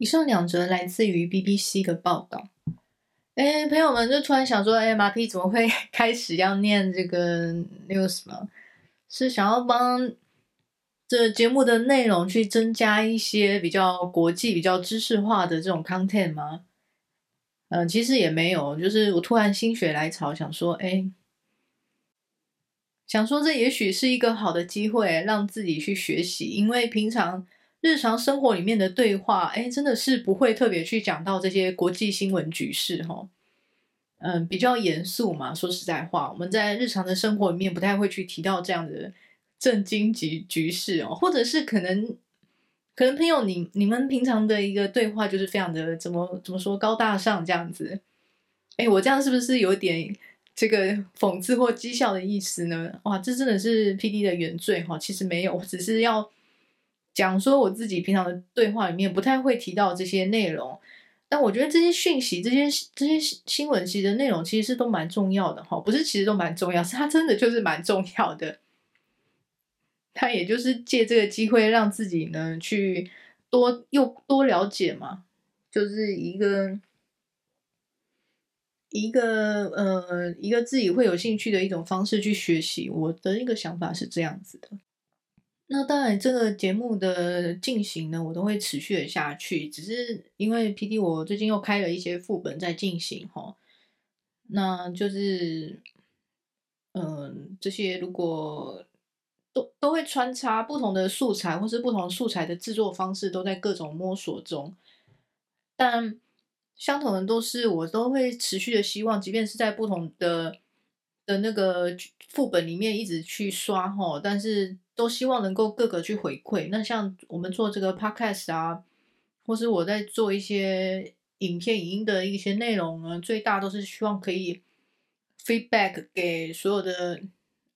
以上兩則來自於 BBC 的報道。誒朋友們就突然想說：“哎，馬屁怎麼會開始要念這個 news 嗎？是想要幫這節目的內容去增加一些比較國際、比較知識化的這種 content 嗎？”嗯、呃，其實也沒有，就是我突然心血來潮想說：“哎，想說這也許是一個好的機會，讓自己去學習，因為平常。”日常生活裡面的對話，哎、欸，真的是不會特別去講到這些國際新聞局勢哈，嗯，比較嚴肅嘛。說實在話，我們在日常的生活裡面不太會去提到這樣的政經局勢哦，或者是可能，可能朋友你你們平常的一個對話就是非常的怎麼怎麼說高大上這樣子，哎、欸，我這樣是不是有點這個諷刺或譏笑的意思呢？哇，這真的是 PD 的原罪哈，其實沒有，我只是要。講說我自己平常的對話裡面不太會提到這些內容，但我覺得這些訊息、這些這些新聞其實的內容其實是都蠻重要的哈、哦，不是？其實都蠻重要，是他真的就是蠻重要的。他也就是借這個機會讓自己呢去多又多了解嘛，就是一個一個呃一個自己會有興趣的一種方式去學習。我的一個想法是這樣子的。那當然，這個節目的進行呢，我都會持續的下去。只是因為 PD 我最近又開了一些副本在進行哈，那就是嗯、呃，這些如果都都會穿插不同的素材，或是不同素材的製作方式，都在各種摸索中。但相同的都是，我都會持續的希望，即便是在不同的。的那個副本裡面一直去刷吼，但是都希望能夠各個去回饋。那像我們做這個 podcast 啊，或是我在做一些影片、影音的一些內容呢，最大都是希望可以 feedback 給所有的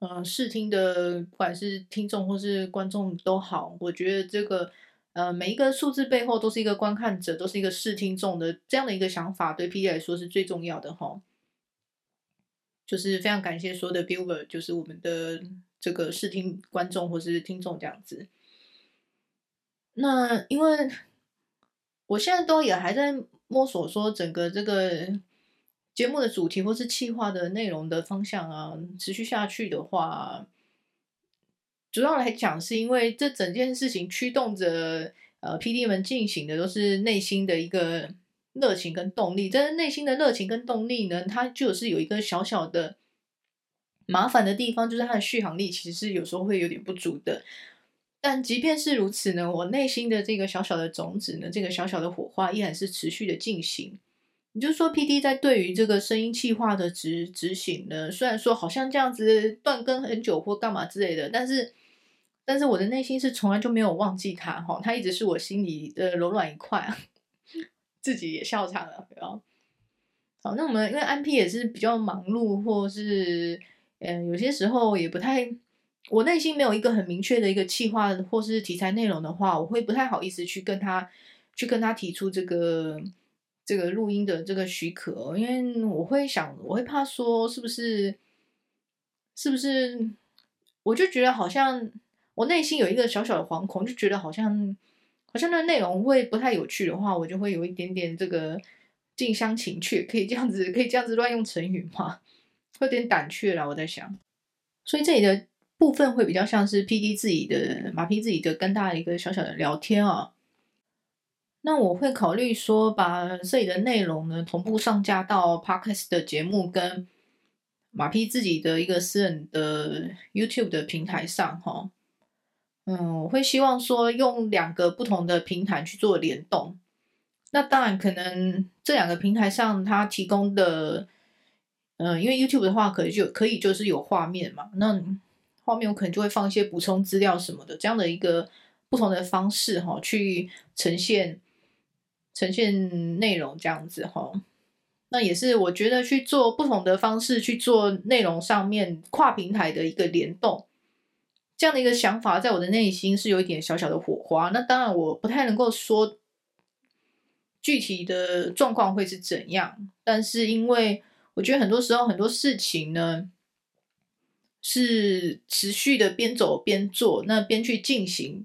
嗯視聽的，不管是聽眾或是觀眾都好。我覺得這個呃每一個數字背後都是一個觀看者，都是一個視聽眾的這樣的一個想法，對 P D 來說是最重要的吼。就是非常感謝所有的 viewer，就是我們的這個視聽觀眾或是聽眾這樣子。那因為我現在都也還在摸索說整個這個節目的主題或是企劃的內容的方向啊，持續下去的話啊，主要來講是因為這整件事情驅動着呃 PD 們進行的都是內心的一個。熱情跟動力，但是內心的熱情跟動力呢，它就是有一個小小的麻煩的地方，就是它的續航力其實是有時候會有點不足的。但即便是如此呢，我內心的這個小小的種子呢，這個小小的火花依然是持續的進行。你就是說 P D 在對於這個聲音企劃的執執行呢，雖然說好像這樣子斷更很久或幹嘛之類的，但是但是我的內心是從來就沒有忘記它。哈，它一直是我心裡的柔軟一塊。自己也笑場了，然後，好，那我們因為安 P 也是比較忙碌，或是嗯，有些時候也不太，我內心沒有一個很明確的一個計劃或是題材內容的話，我會不太好意思去跟他去跟他提出這個這個錄音的這個許可，因為我會想，我會怕說是不是是不是，我就覺得好像我內心有一個小小的惶恐，就覺得好像。好像那內容會不太有趣的話，我就會有一點點這個近鄉情怯。可以這樣子，可以這樣子亂用成語嗎？會有點膽怯了，我在想。所以這裡的部分會比較像是 PD 自己的馬屁自己的跟大家一個小小的聊天啊、喔。那我會考慮說，把這裡的內容呢同步上架到 Podcast 的節目跟馬屁自己的一個私人的 YouTube 的平台上哈、喔。嗯，我會希望說用兩個不同的平台去做聯動。那當然，可能這兩個平台上它提供的，嗯，因為 YouTube 的話可以，可能就可以就是有畫面嘛。那畫面我可能就會放一些補充資料什麼的，這樣的一個不同的方式哈，去呈現呈現內容這樣子哈。那也是我覺得去做不同的方式去做內容上面跨平台的一個聯動。這樣的一個想法，在我的內心是有一點小小的火花。那當然，我不太能夠說具體的狀況會是怎樣，但是因為我覺得很多時候很多事情呢是持續的邊走邊做，那邊去進行，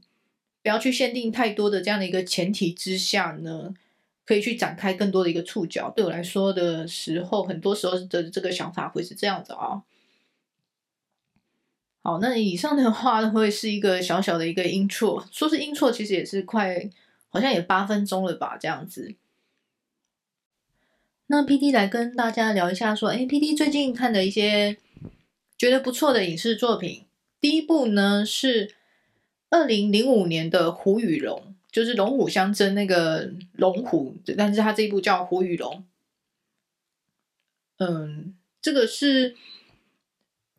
不要去限定太多的這樣的一個前提之下呢，可以去展開更多的一個觸角。對我來說的時候，很多時候的這個想法會是這樣子啊。哦、那以上的話會是一個小小的一個 intro，說是 intro，其實也是快，好像也八分鐘了吧，這樣子。那 P D 來跟大家聊一下，說，哎、欸、，P D 最近看的一些覺得不錯的影視作品，第一部呢是二零零五年的《虎與龍》，就是《龍虎相爭》那個《龍虎》，對，但是它這一部叫《虎與龍》。嗯，這個是。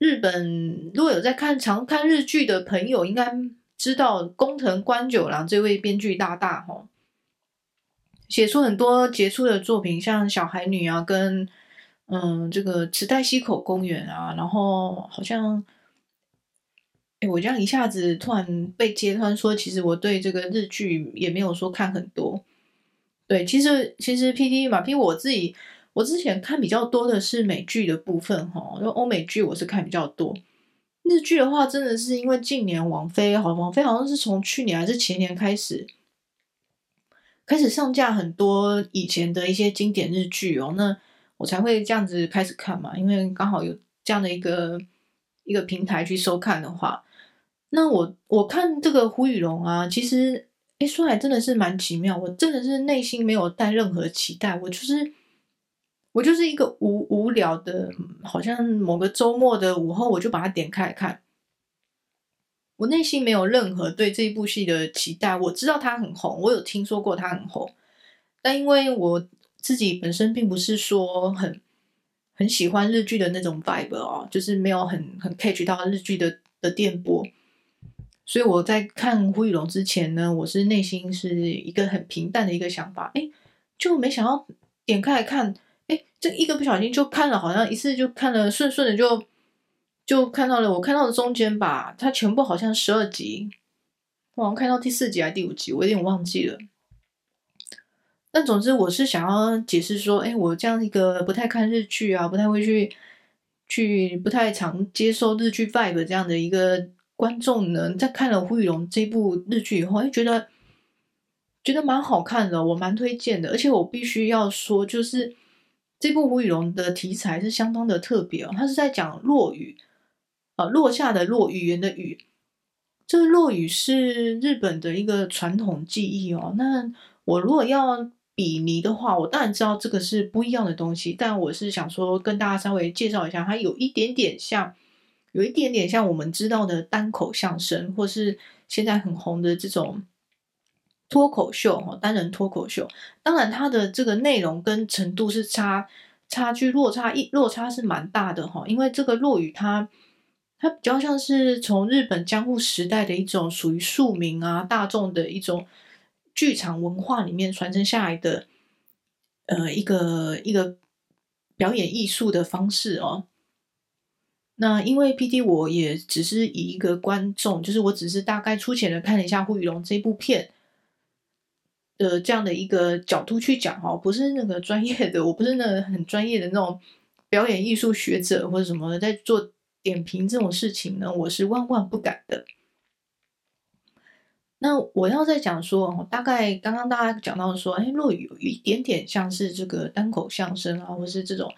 日本如果有在看常看日劇的朋友，應該知道宮藤官九郎這位編劇大大吼，寫出很多傑出的作品，像《小孩女》啊，跟嗯這個《池袋西口公園》啊，然後好像，哎、欸，我這樣一下子突然被揭穿，說其實我對這個日劇也沒有說看很多。對，其實其實 PD 嘛，憑我自己。我之前看比較多的是美劇的部分，哈，就歐美劇我是看比較多。日劇的話，真的是因為近年王菲網飛，好，網飛好像是從去年還是前年開始開始上架很多以前的一些經典日劇哦，那我才會這樣子開始看嘛，因為剛好有這樣的一個一個平台去收看的話，那我我看這個虎與龍啊，其實哎、欸、說來真的是蠻奇妙，我真的是內心沒有帶任何期待，我就是。我就是一個無無聊的，好像某個周末的午後，我就把它點開來看。我內心沒有任何對這部戲的期待。我知道它很紅，我有聽說過它很紅，但因為我自己本身並不是說很很喜歡日劇的那種 vibe 哦，就是沒有很很 catch 到日劇的的電波，所以我在看虎與龍之前呢，我是內心是一個很平淡的一個想法，誒，就沒想到點開來看。這一個不小心就看了，好像一次就看了，順順的就就看到了。我看到的中間吧，它全部好像十二集，我好像看到第四集還是第五集，我有一點忘記了。但總之，我是想要解釋說，哎，我這樣一個不太看日劇啊，不太會去去不太常接受日劇 vibe 這樣的一個觀眾呢，在看了《虎與龍》這部日劇以後，哎，覺得覺得蠻好看的，哦，我蠻推薦的。而且我必須要說，就是。這部《虎與龍》的題材是相當的特別哦，它是在講落語，啊，落下的落，語言的語，這個落語是日本的一個傳統技藝哦。那我如果要比擬的話，我當然知道這個是不一樣的東西，但我是想說跟大家稍微介紹一下，它有一點點像，有一點點像我們知道的單口相聲，或是現在很紅的這種。脫口秀哈，單人脫口秀，當然它的這個內容跟程度是差差距落差一落差是蠻大的哈，因為這個落語它它比較像是從日本江戶時代的一種屬於庶民啊大眾的一種劇場文化裡面傳承下來的，呃，一個一個表演藝術的方式哦。那因為 PD 我也只是以一個觀眾，就是我只是大概粗淺的看了一下《虎與龍》這部片。呃，的這樣的一個角度去講哈，我不是那個專業的，我不是那個很專業的那種表演藝術學者或者什麼的，在做點評這種事情呢，我是萬萬不敢的。那我要再講說，大概剛剛大家講到說，哎，落語有一點點像是這個單口相聲啊，或是這種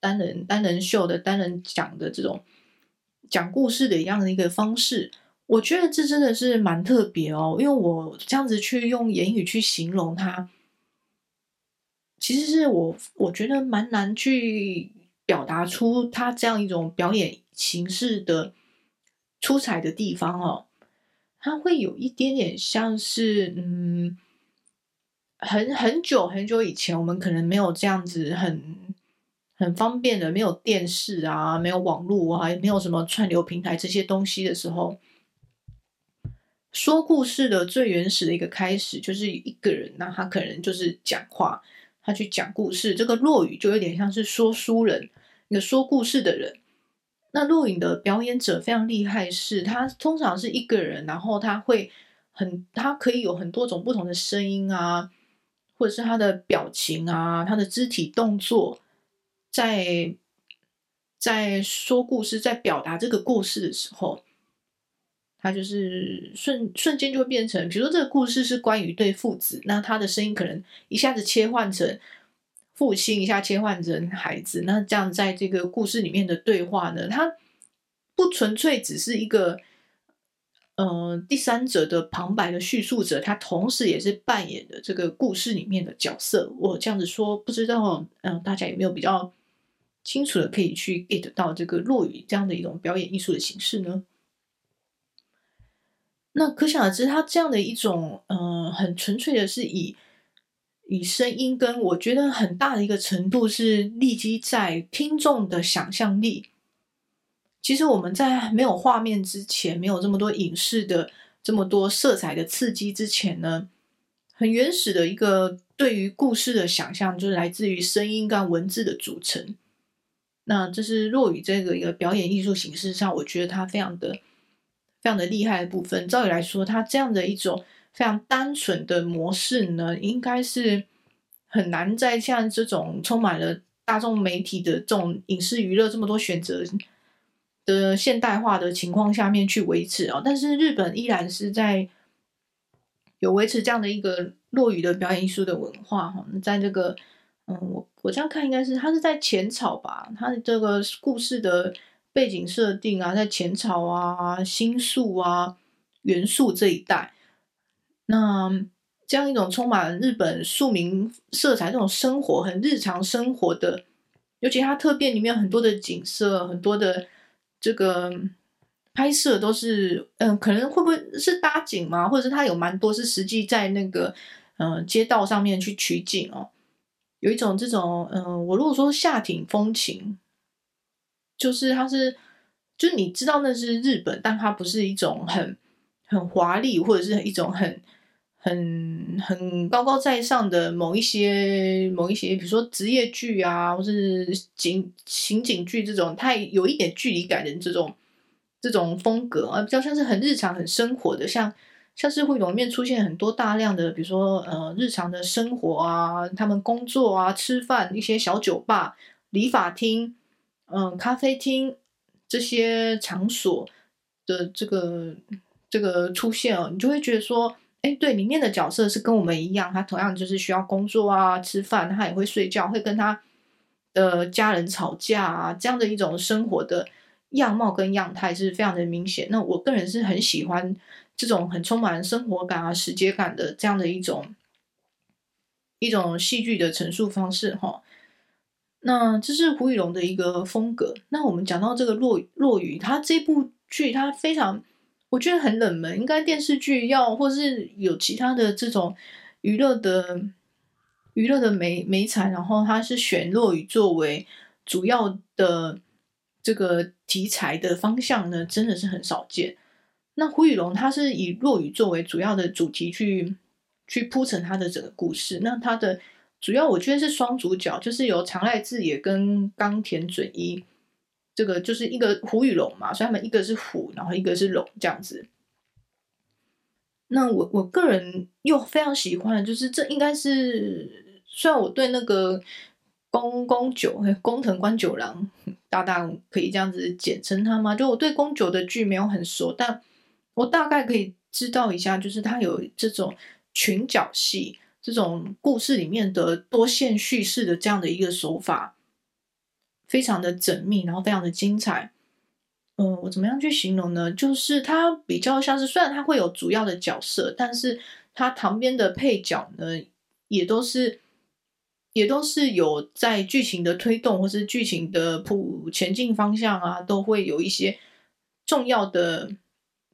單人單人秀的單人講的這種講故事的一樣的一個方式。我覺得這真的是蠻特別哦，因為我這樣子去用言語去形容它，其實是我我覺得蠻難去表達出它這樣一種表演形式的出彩的地方哦。它會有一點點像是，嗯，很很久很久以前，我們可能沒有這樣子很很方便的，沒有電視啊，沒有網絡啊，還沒有什麼串流平台這些東西的時候。說故事的最原始的一個開始，就是一個人，啊，那他可能就是講話，他去講故事。這個落語就有點像是說書人，一個說故事的人。那落語的表演者非常厲害是，是他通常是一個人，然後他會很，他可以有很多種不同的聲音啊，或者是他的表情啊，他的肢體動作，在在說故事，在表達這個故事的時候。他就是瞬瞬間就會變成，比如說這個故事是關於對父子，那他的聲音可能一下子切換成父親，一下切換成孩子，那這樣在這個故事裡面的對話呢，他不純粹只是一個，嗯、呃，第三者的旁白的敘述者，他同時也是扮演的這個故事裡面的角色。我這樣子說，不知道嗯、呃、大家有沒有比較清楚的可以去 get 到這個落語這樣的一種表演藝術的形式呢？那可想而知，他這樣的一種，嗯、呃，很純粹的是以以聲音跟我覺得很大的一個程度是立基在聽眾的想象力。其實我們在沒有畫面之前，沒有這麼多影視的這麼多色彩的刺激之前呢，很原始的一個對於故事的想象，就是來自於聲音跟文字的組成。那這是落語這個一個表演藝術形式上，我覺得他非常的。這樣的厲害的部分，照理來說，他這樣的一種非常單純的模式呢，應該是很難在像這種充滿了大眾媒體的這種影視娛樂這麼多選擇的現代化的情況下面去維持啊、喔。但是日本依然是在有維持這樣的一個落語的表演藝術的文化哈，在這個嗯，我我這樣看應該是他是在淺草吧，他的這個故事的。背景設定啊，在淺草啊、新宿啊、原宿這一帶，那這樣一種充滿日本庶民色彩、這種生活很日常生活的，尤其它特別裡面很多的景色、很多的這個拍攝都是，嗯、呃，可能會不會是搭景嗎？或者是它有蠻多是實際在那個嗯、呃、街道上面去取景哦，有一種這種嗯、呃，我如果說下町風情。就是它是，就你知道那是日本，但它不是一種很很華麗，或者是一種很很很高高在上的某一些某一些，比如說職業劇啊，或者是警刑，刑警劇這種太有一點距離感的這種這種風格啊，比較像是很日常很生活的，像像是會裡面出現很多大量的，比如說呃日常的生活啊，他們工作啊，吃飯一些小酒吧、理髮廳。嗯，咖啡廳這些場所的這個這個出現哦，你就會覺得說，哎，對，裡面的角色是跟我們一樣，他同樣就是需要工作啊，吃飯，他也會睡覺，會跟他的家人吵架啊，這樣的一種生活的樣貌跟樣態是非常的明顯。那我個人是很喜歡這種很充滿生活感啊、時間感的這樣的一種一種戲劇的陳述方式哦，哈。那這是《虎與龍》的一個風格。那我們講到這個落落語，他這部劇他非常，我覺得很冷門。應該電視劇要或是有其他的這種娛樂的娛樂的媒媒材，然後他是選落語作為主要的這個題材的方向呢，真的是很少見。那《虎與龍》他是以落語作為主要的主題去去鋪陳他的整個故事，那他的。主要我覺得是雙主角，就是由長瀨智也跟岡田准一，這個就是一個虎與龍嘛，所以他們一個是虎，然後一個是龍這樣子。那我我個人又非常喜歡，就是這應該是，雖然我對那個宮宮九、宮藤官九郎，大大可以這樣子簡稱他嗎？就我對宮九的劇沒有很熟，但我大概可以知道一下，就是他有這種群角戲。這種故事裡面的多線敘事的這樣的一個手法，非常的縝密，然後非常的精彩。嗯，我怎麼樣去形容呢？就是它比較像是，雖然它會有主要的角色，但是它旁邊的配角呢，也都是也都是有在劇情的推動，或是劇情的普前進方向啊，都會有一些重要的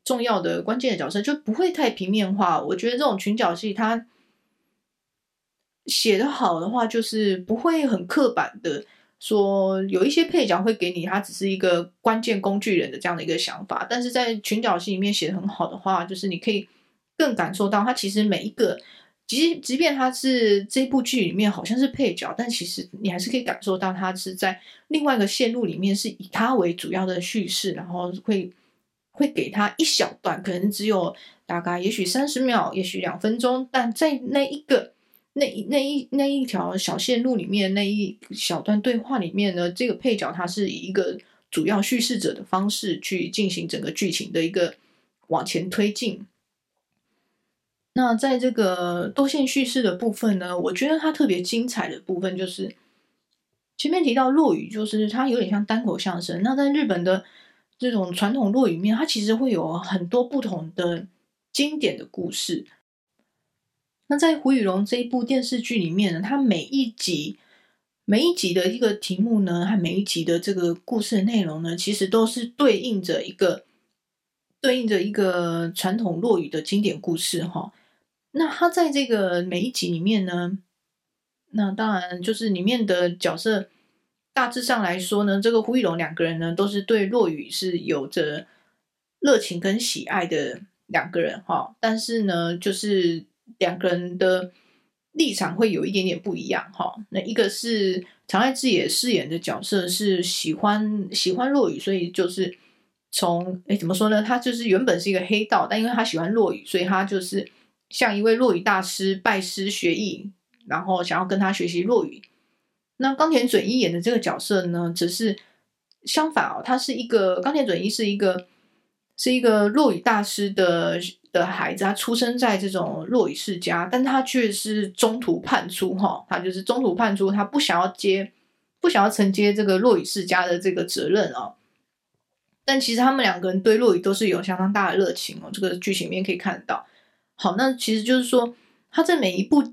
重要的關鍵的角色，就不會太平面化。我覺得這種群角戲它。寫得好的話，就是不會很刻板的說，有一些配角會給你，他只是一個關鍵工具人的這樣的一個想法。但是在群角戲裡面寫得很好的話，就是你可以更感受到他其實每一個，即即便他是這部劇裡面好像是配角，但其實你還是可以感受到他是在另外一個線路裡面是以他為主要的敘事，然後會會給他一小段，可能只有大概也許三十秒，也許兩分鐘，但在那一個。那一那一那一條小線路裡面，那一小段對話裡面呢，這個配角他是以一個主要敘事者的方式去進行整個劇情的一個往前推進。那在這個多線敘事的部分呢，我覺得它特別精彩的部分就是前面提到落語，就是它有點像單口相聲。那在日本的這種傳統落語裡面，它其實會有很多不同的經典的故事。那在《虎與龍》這一部電視劇裡面呢，他每一集每一集的一個題目呢，還每一集的這個故事內容呢，其實都是對應着一個對應着一個傳統落語的經典故事哈、哦。那他在這個每一集裡面呢，那當然就是裡面的角色大致上來說呢，這個虎與龍兩個人呢，都是對落語是有着熱情跟喜愛的兩個人哈、哦。但是呢，就是。兩個人的立場會有一點點不一樣哈。那一個是長瀨智也飾演的角色是喜歡喜歡落語，所以就是從哎怎麼說呢？他就是原本是一個黑道，但因為他喜歡落語，所以他就是像一位落語大師拜師學藝，然後想要跟他學習落語。那岡田准一演的這個角色呢，則是相反哦。他是一個岡田准一是一個是一個落語大師的。的孩子，他出生在這種落語世家，但他卻是中途叛出，哈、哦，他就是中途叛出，他不想要接，不想要承接這個落語世家的這個責任哦。但其實他們兩個人對落語都是有相當大的熱情哦，這個劇情裡面可以看到。好，那其實就是說，他在每一部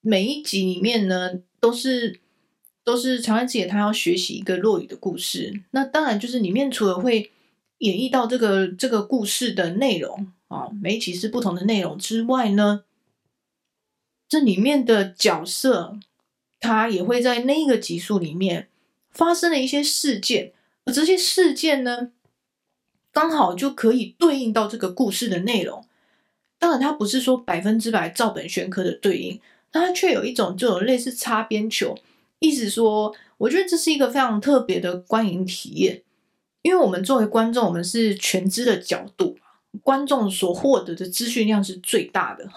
每一集裡面呢，都是都是長瀨智也她，要學習一個落語的故事。那當然就是裡面除了會演繹到這個這個故事的內容。啊，每一集、哦，是不同的內容之外呢，這裡面的角色他也會在那個集數裡面發生了一些事件，而這些事件呢，剛好就可以對應到這個故事的內容。當然，它不是說百分之百照本宣科的對應，但它卻有一種這種類似擦邊球，意思說，我覺得這是一個非常特別的觀影體驗，因為我們作為觀眾，我們是全知的角度。觀眾所獲得的資訊量是最大的，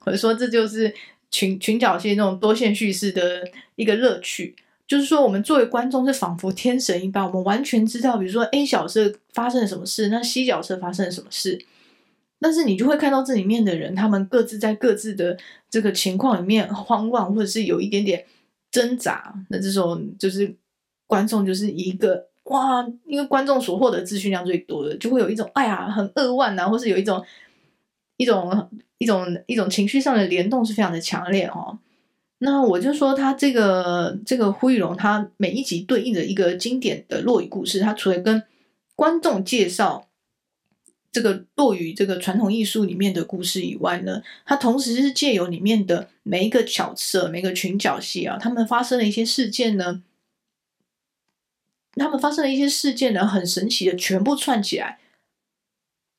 或 者說這就是群群角戲那種多線敘事的一個樂趣。就是說，我們作為觀眾，是仿佛天神一般，我們完全知道，比如說 A 角色發生了什麼事，那 C 角色發生了什麼事。但是你就會看到這裡面的人，他們各自在各自的這個情況裡面慌亂，或者是有一點點掙扎。那這種就是觀眾就是一個。哇，因為觀眾所獲得資訊量最多的，就會有一種哎呀，很扼腕吶、啊，或是有一種一種一種一種情緒上的聯動是非常的強烈哦。那我就說，他這個這個《虎與龍》，他每一集對應的一個經典的落語故事。他除了跟觀眾介紹這個落語這個傳統藝術裡面的故事以外呢，他同時是借由裡面的每一個角色、每個群角戲啊，他們發生的一些事件呢。他們發生的一些事件呢，很神奇的全部串起來，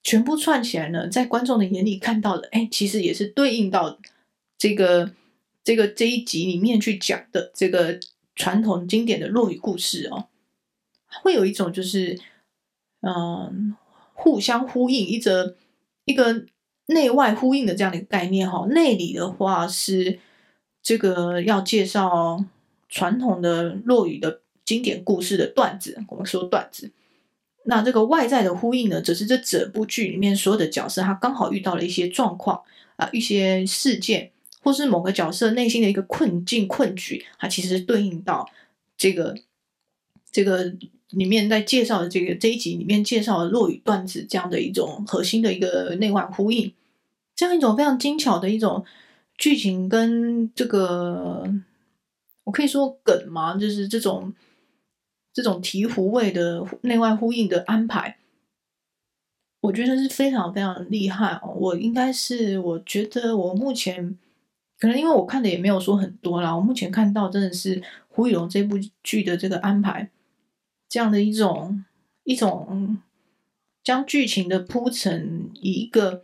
全部串起來呢，在觀眾的眼裡看到的，哎、欸，其實也是對應到這個這個這一集裡面去講的這個傳統經典的落語故事哦，會有一種就是嗯、呃、互相呼應，一則一個內外呼應的這樣的一個概念哈、哦。內裡的話是這個要介紹傳統的落語的。經典故事的段子，我們說段子。那這個外在的呼應呢，則是這整部劇裡面所有的角色，他剛好遇到了一些狀況啊，一些事件，或是某個角色內心的一個困境困局，它其實對應到這個這個裡面在介紹的這個這一集裡面介紹的落語段子，這樣的一種核心的一個內外呼應，這樣一種非常精巧的一種劇情跟這個，我可以說梗嗎？就是這種。這種醍醐味的內外呼應的安排，我覺得是非常非常厲害哦、喔。我應該是我覺得我目前可能因為我看的也沒有說很多啦，我目前看到真的是《虎與龍》這部劇的這個安排，這樣的一種一種將劇情的鋪陳以一個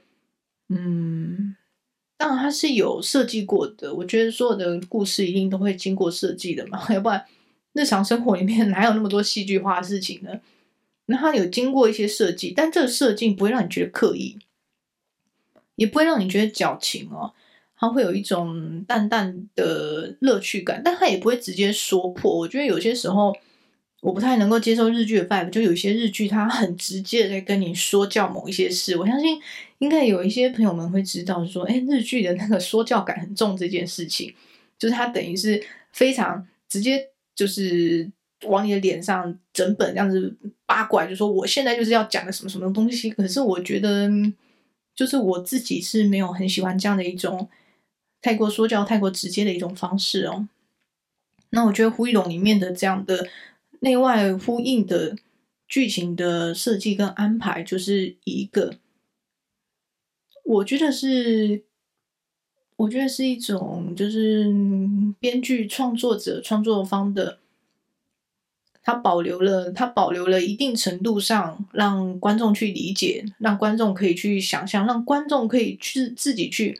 嗯，當然它是有設計過的。我覺得所有的故事一定都會經過設計的嘛，要不然。日常生活裡面哪有那麼多戲劇化的事情呢？那他有經過一些設計，但這個設計不會讓你覺得刻意，也不會讓你覺得矯情哦。它會有一種淡淡的樂趣感，但它也不會直接說破。我覺得有些時候我不太能夠接受日劇的 vibe，就有些日劇它很直接的在跟你說教某一些事。我相信應該有一些朋友們會知道說，說哎，日劇的那個說教感很重這件事情，就是它等於是非常直接。就是往你的臉上整本這樣子八卦，就說我現在就是要講個什麼什麼東西。可是我覺得，就是我自己是沒有很喜歡這樣的一種太過說教、太過直接的一種方式哦。那我覺得《虎與龍》裡面的這樣的內外呼應的劇情的設計跟安排，就是一個我覺得是。我覺得是一種，就是編劇創作者創作方的，他保留了，他保留了一定程度上讓觀眾去理解，讓觀眾可以去想象，讓觀眾可以去自己去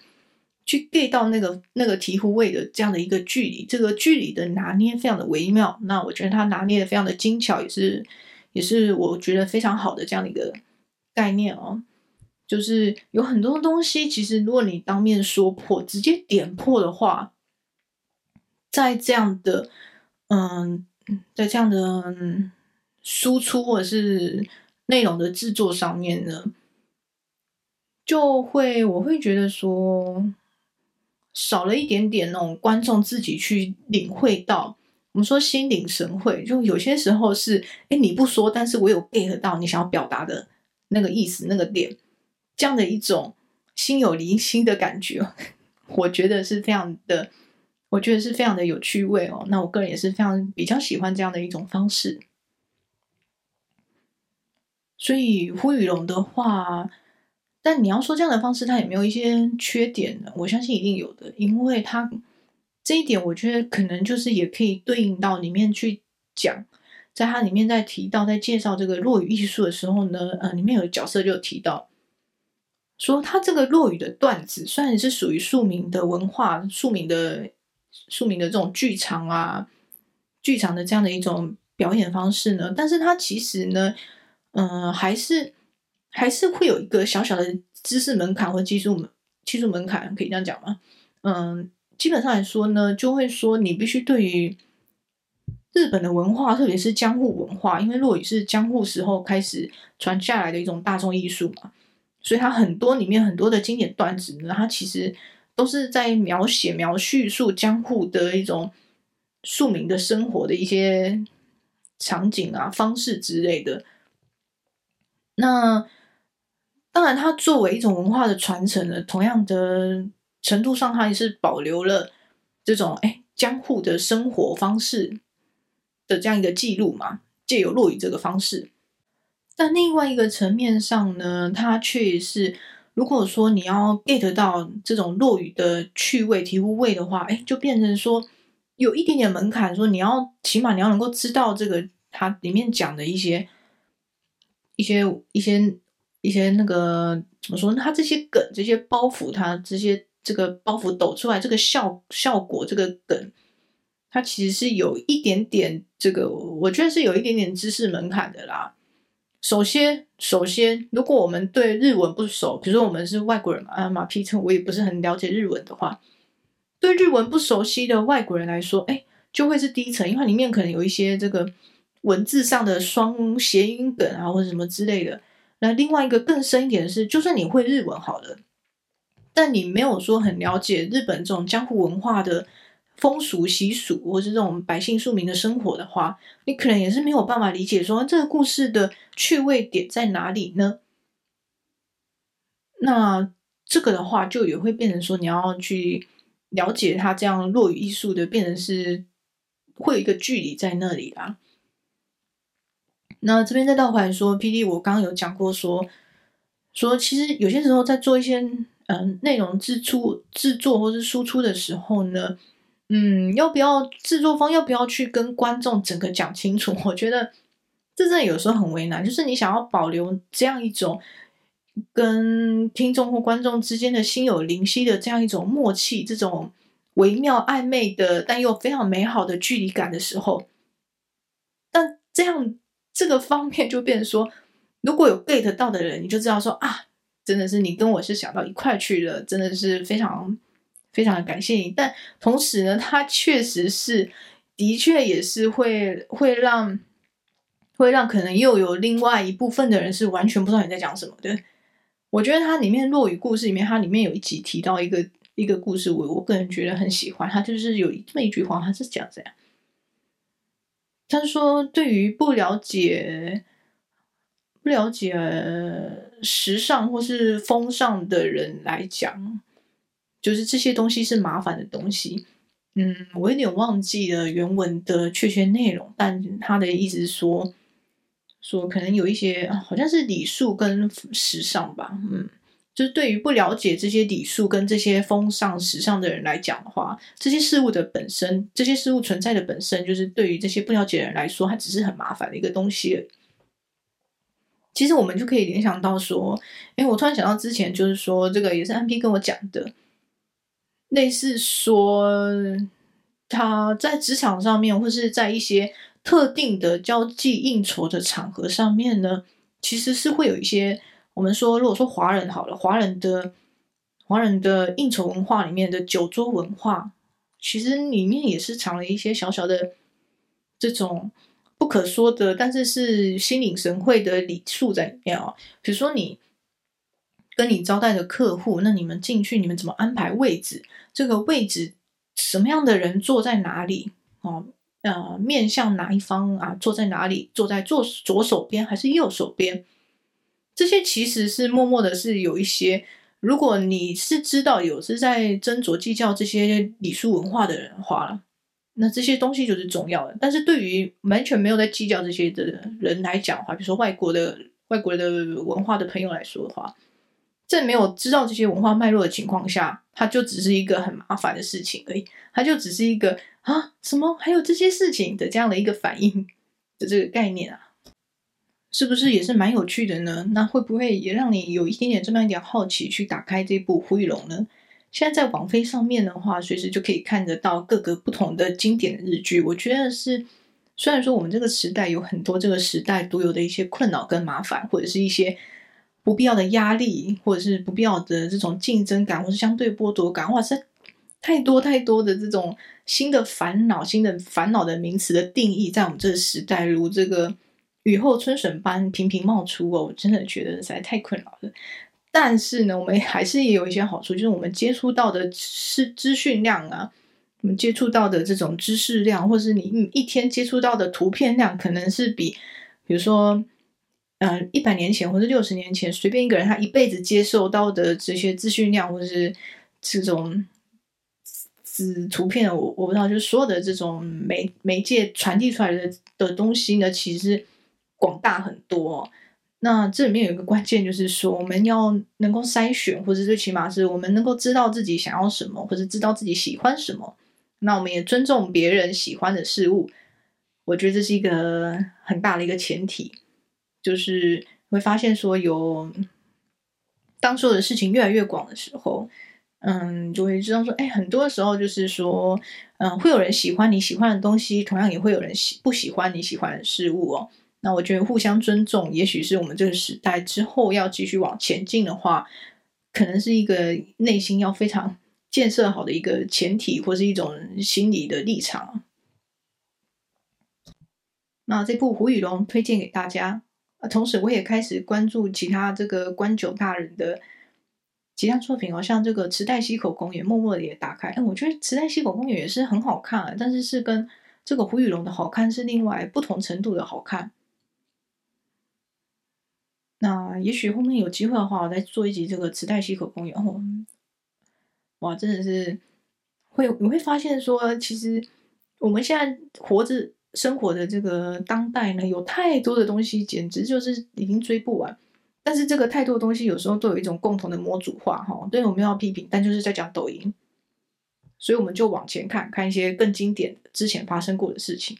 去 get 到那個那個醍醐味的這樣的一個距離，這個距離的拿捏非常的微妙，那我覺得他拿捏的非常的精巧，也是也是我覺得非常好的這樣的一個概念哦。就是有很多東西，其實如果你當面說破，直接點破的話，在這樣的嗯，在這樣的輸出或者是內容的制作上面呢，就會我會覺得說少了一點點那種觀眾自己去領會到。我們說心領神會，就有些時候是哎，欸、你不說，但是我有 get 到你想要表達的那個意思，那個點。這樣的一種心有靈犀的感覺，我覺得是非常的，我覺得是非常的有趣味哦。那我個人也是非常比較喜歡這樣的一種方式。所以虎與龍的話，但你要說這樣的方式，它有沒有一些缺點呢？我相信一定有的，因為它這一點，我覺得可能就是也可以對應到裡面去講，在它裡面在提到、在介紹這個落語藝術的時候呢，呃，裡面有角色就提到。說他這個落語的段子雖然是屬於庶民的文化、庶民的、庶民的這種劇場啊、劇場的這樣的一種表演方式呢，但是它其實呢，嗯，還是還是會有一個小小的知識門檻或技術門技術門檻，可以這樣講嗎？嗯，基本上來說呢，就會說你必須對於日本的文化，特別是江戶文化，因為落語是江戶時候開始傳下來的一種大眾藝術嘛。所以它很多裡面很多的經典段子呢，它其實都是在描寫、描敘述，述江戶的一種庶民的生活的一些場景啊、方式之類的。那當然，它作為一種文化的傳承呢，同樣的程度上，它也是保留了這種哎、欸、江戶的生活方式的這樣一個記錄嘛，借由落語這個方式。但另外一個層面上呢，它卻是，如果說你要 get 到這種落語的趣味、醍醐味的話，哎，就變成說有一點點門檻，說你要起碼你要能夠知道這個它裡面講的一些、一些、一些、一些那個怎麼說呢？它這些梗、這些包袱它，它這些這個包袱抖出來這個效效果，這個梗，它其實是有一點點這個，我覺得是有一點點知識門檻的啦。首先，首先，如果我們對日文不熟，比如說我們是外國人嘛，啊馬屁稱我也不是很了解日文的話，對日文不熟悉的外國人來說，哎、欸，就會是第一層，因為它裡面可能有一些這個文字上的雙諧音梗啊，或者什麼之類的。那另外一個更深一點的是，就算你會日文好了，但你沒有說很了解日本這種江湖文化的。風俗習俗，或者是這種百姓庶民的生活的話，你可能也是沒有辦法理解說這個故事的趣味點在哪裡呢？那這個的話，就也會變成說你要去了解它這樣落語藝術的，變成是會有一個距離在那裡啦。那這邊再倒回來說，P.D. 我剛剛有講過說，說其實有些時候在做一些嗯、呃、內容支出制作或是輸出的時候呢。嗯，要不要製作方要不要去跟觀眾整個講清楚？我覺得這真的有時候很為難，就是你想要保留這樣一種跟聽眾或觀眾之間的心有靈犀的這樣一種默契，這種微妙曖昧的但又非常美好的距離感的時候，但這樣這個方面就變成說，如果有 get 到的人，你就知道說啊，真的是你跟我是想到一塊去了，真的是非常。非常感謝你，但同時呢，它確實是，的確也是會會讓，會讓可能又有另外一部分的人是完全不知道你在講什麼的。我覺得它裡面《落語故事》裡面，它裡面有一集提到一個一個故事我，我我個人覺得很喜歡。它就是有這麼一句話，它是講這樣，他說，對於不了解不了解時尚或是風尚的人來講。就是這些東西是麻煩的東西，嗯，我有點忘記了原文的確切內容，但他的意思是說，說可能有一些好像是禮數跟時尚吧，嗯，就是對於不了解這些禮數跟這些風尚、時尚的人來講的話，這些事物的本身，這些事物存在的本身就是對於這些不了解的人來說，它只是很麻煩的一個東西。其實我們就可以聯想到說，為、欸、我突然想到之前就是說，這個也是安 P 跟我講的。類似說他在職場上面，或是在一些特定的交際應酬的場合上面呢，其實是會有一些我們說，如果說華人好了，華人的華人的應酬文化裡面的酒桌文化，其實裡面也是藏了一些小小的這種不可說的，但是是心領神會的禮數在裡面啊、喔。比如說你。跟你招待的客戶，那你們進去，你們怎麼安排位置？這個位置什麼樣的人坐在哪裡？哦，呃，面向哪一方啊？坐在哪裡？坐在左左手邊還是右手邊？這些其實是默默的，是有一些。如果你是知道有是在斟酌計較這些禮數文化的人的話，那這些東西就是重要的。但是對於完全沒有在計較這些的人來講的話，比如說外國的外國的文化的朋友來說的話。在沒有知道這些文化脈絡的情況下，它就只是一個很麻煩的事情而已，它就只是一個啊什麼還有這些事情的這樣的一個反應的這個概念啊，是不是也是蠻有趣的呢？那會不會也讓你有一點點這麼一點好奇去打開這部《虎與龍》呢？現在在網飛上面的話，隨時就可以看得到各個不同的經典的日劇。我覺得是，雖然說我們這個時代有很多這個時代獨有的一些困擾跟麻煩，或者是一些。不必要的壓力，或者是不必要的這種競爭感，或是相對剝奪感，或者是太多太多的這種新的煩惱，新的煩惱的名詞的定義，在我們這個時代如這個雨後春筍般頻頻冒出哦，我真的覺得實在太困擾了。但是呢，我們還是也有一些好處，就是我們接觸到的是資訊量啊，我們接觸到的這種知識量，或是你一天接觸到的圖片量，可能是比比如說。嗯，呃，一百年前或者六十年前，隨便一個人，他一輩子接受到的這些資訊量，或者是這種，是圖片，我我不知道，就是所有的這種媒媒介傳遞出來的的東西呢，其實廣大很多哦。那這裡面有一個關鍵，就是說我們要能夠篩選，或者最起碼是我們能夠知道自己想要什麼，或者知道自己喜歡什麼。那我們也尊重別人喜歡的事物，我覺得這是一個很大的一個前提。就是會發現說，有當所有的事情越來越廣的時候，嗯，就會知道說，哎，很多時候就是說，嗯，會有人喜歡你喜歡的東西，同樣也會有人喜不喜歡你喜歡的事物哦。那我覺得互相尊重，也許是我們這個時代之後要繼續往前進的話，可能是一個內心要非常建設好的一個前提，或是一種心理的立場。那這部《虎與龍》推薦給大家。呃，同時我也開始關注其他這個宮九大人的其他作品哦，像這個《池袋西口公園》默默的也打開。嗯，我覺得《池袋西口公園》也是很好看啊，但是是跟這個虎與龍的好看是另外不同程度的好看。那也許後面有機會的話，我再做一集這個《池袋西口公園》，哦，哇，真的是會我會發現說，其實我們現在活着。生活的這個當代呢，有太多的東西，簡直就是已經追不完。但是這個太多的東西，有時候都有一種共同的模組化哈。對，我們要批評，但就是在講抖音。所以我們就往前看看一些更經典的之前發生過的事情。